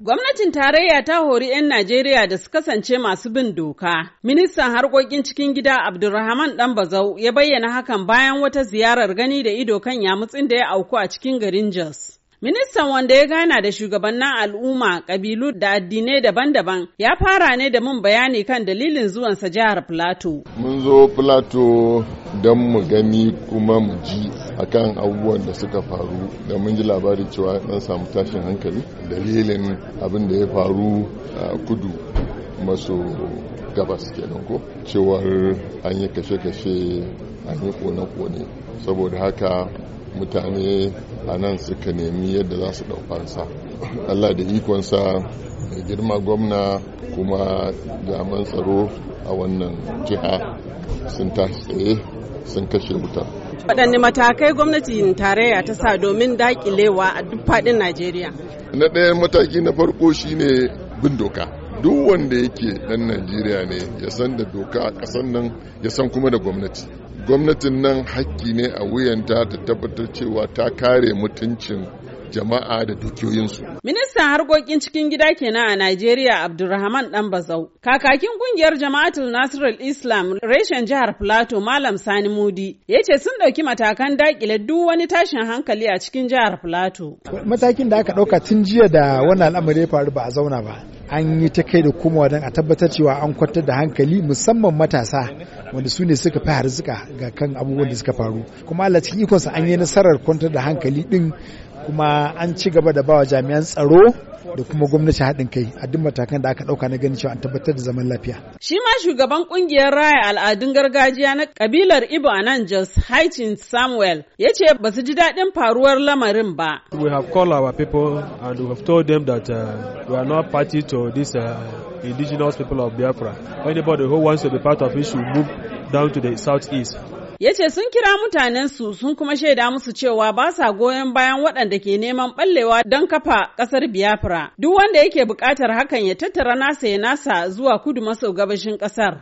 Gwamnatin tarayya ta hori 'yan Najeriya da su kasance masu bin doka. Ministan harkokin cikin gida Abdulrahman bazau ya bayyana hakan bayan wata ziyarar gani da ido kan yamutsin da ya auku a cikin garin Jos. Ministan wanda ya gana da shugabannin al'umma, kabilu da addinai daban-daban ya fara ne da mun bayani kan dalilin zuwansa jihar Plateau. Mun zo Plateau don mu gani kuma mu ji akan abubuwan da suka faru da mun ji labari cewa dan samu tashin hankali dalilin abin da ya faru a kudu maso gabas kenan ko cewar an yi kashe-kashe an yi kone-kone saboda haka mutane a nan suka nemi yadda za su ɗaukansa allah da ikonsa mai girma gwamna kuma jaman tsaro a wannan jiha sun tashi tsaye sun kashe mutane. waɗanne matakai gwamnatin tarayya ta sa domin daƙilewa a duk faɗin najeriya na ɗaya mataki na farko shine bin doka duk wanda yake ɗan najeriya ne ya san da doka a kasan nan ya san kuma da gwamnati gwamnatin nan hakki ne a wuyanta ta tabbatar cewa ta kare mutuncin jama'a da dukiyoyinsu. Ministan harkokin cikin gida kenan a Najeriya Abdulrahman Dan Bazau. Kakakin kungiyar Jama'atul Nasrul Islam reshen jihar Plateau Malam Sani Mudi ya ce sun ɗauki matakan dakile duk wani tashin hankali a cikin jihar Plateau. Matakin da aka ɗauka tun jiya da wannan al'amari ya faru ba a zauna ba. An yi ta kai da komawa don a tabbatar cewa an kwantar da hankali musamman matasa wanda su ne suka fi harzuka ga kan abubuwan da suka faru. Kuma Allah cikin ikonsa an yi nasarar kwantar da hankali din kuma an ci gaba da bawa jami'an tsaro da kuma gwamnati haɗin kai a duk matakan da aka ɗauka na ganin cewa an tabbatar da zaman lafiya. Shi ma shugaban kungiyar raya al'adun gargajiya na kabilar Ibo a nan Jos Haitin Samuel ya ce ba su ji daɗin faruwar lamarin ba. We have called our people and we have told them that uh, we are not party to this uh, indigenous people of Biafra. Anybody who wants to be part of it should move down to the southeast. Ya ce sun kira mutanensu sun kuma shaida musu cewa ba sa goyon bayan waɗanda ke neman ɓallewa don kafa ƙasar Biafra. Duk wanda yake buƙatar hakan ya tattara nasa ya nasa zuwa kudu maso gabashin ƙasar.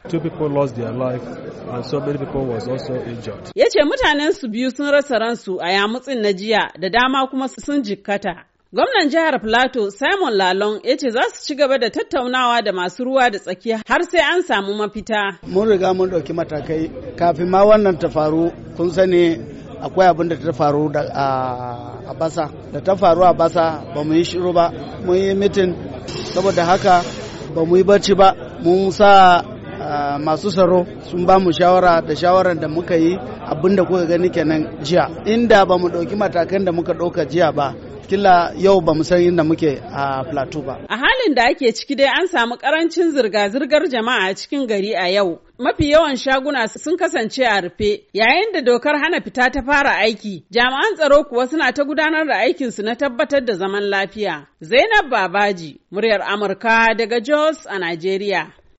Ya ce mutanensu biyu sun rasa ransu a yamutsin na jiya da dama kuma sun jikkata. Gwamnan jihar Filato Simon Lalong ya ce za su ci gaba da tattaunawa da masu ruwa da tsaki har sai an samu mafita. Mun riga mun ɗauki matakai kafin ma wannan ta faru kun sani akwai abin da ta faru a basa da ta faru a basa ba mu yi shiru ba mun yi mitin saboda haka ba mu yi bacci ba mun sa masu tsaro sun ba mu shawara da shawarar da muka yi abinda kuka gani kenan jiya inda ba mu ɗauki matakan da muka ɗauka jiya ba kila yau ba san inda muke a plateau ba a halin da ake ciki dai an samu karancin zirga-zirgar jama'a a cikin gari a yau mafi yawan shaguna sun kasance a rufe yayin da dokar hana fita ta fara aiki jami'an tsaro kuwa suna ta gudanar da aikinsu na tabbatar da zaman lafiya zainab babaji muryar amurka daga jos a najeriya